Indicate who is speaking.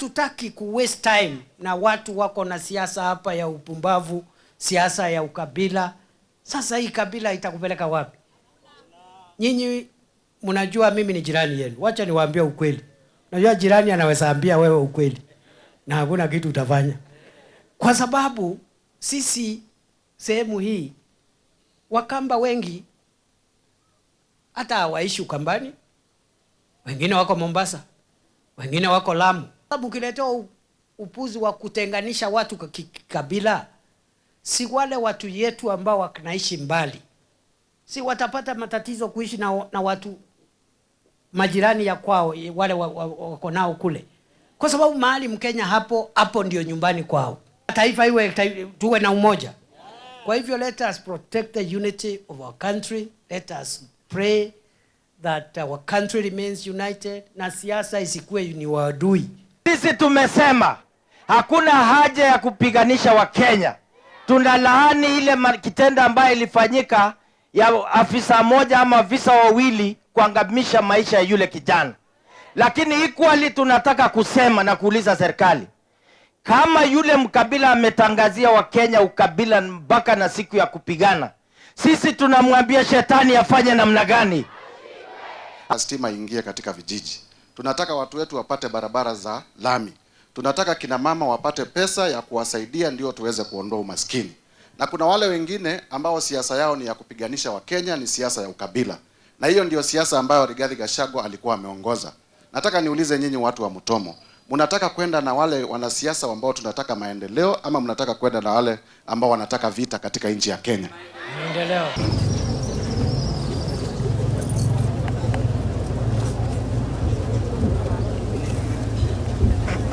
Speaker 1: hatutaki ku waste time na watu wako na siasa hapa ya upumbavu, siasa ya ukabila. Sasa hii kabila itakupeleka wapi? Nyinyi mnajua mimi ni jirani yenu, wacha niwaambie ukweli. Najua jirani anaweza ambia wewe ukweli na hakuna kitu utafanya, kwa sababu sisi sehemu hii Wakamba wengi hata hawaishi Ukambani, wengine wako Mombasa, wengine wako Lamu sababu ukileta upuzi wa kutenganisha watu kwa kikabila, si wale watu yetu ambao wanaishi mbali, si watapata matatizo kuishi na, na watu majirani ya kwao wale wako nao kule, kwa sababu mahali Mkenya hapo hapo ndio nyumbani kwao. Taifa iwe tuwe na umoja. Kwa hivyo let us protect the unity of our country, let us pray that our country remains united, na siasa isikuwe ni wadui sisi tumesema hakuna haja ya kupiganisha Wakenya. Tunalaani ile kitendo ambayo ilifanyika ya afisa mmoja ama afisa wawili kuangamisha maisha ya yule kijana, lakini equally tunataka kusema na kuuliza serikali kama yule mkabila ametangazia Wakenya ukabila mpaka na siku ya kupigana, sisi tunamwambia shetani afanye namna gani?
Speaker 2: Stima ingie katika vijiji. Tunataka watu wetu wapate barabara za lami, tunataka kina mama wapate pesa ya kuwasaidia ndio tuweze kuondoa umaskini. Na kuna wale wengine ambao siasa yao ni ya kupiganisha Wakenya, ni siasa ya ukabila, na hiyo ndio siasa ambayo Rigathi Gachagua alikuwa ameongoza. Nataka niulize nyinyi watu wa Mutomo, mnataka kwenda na wale wanasiasa ambao tunataka maendeleo ama mnataka kwenda na wale ambao wanataka vita katika nchi ya Kenya? Maendeleo.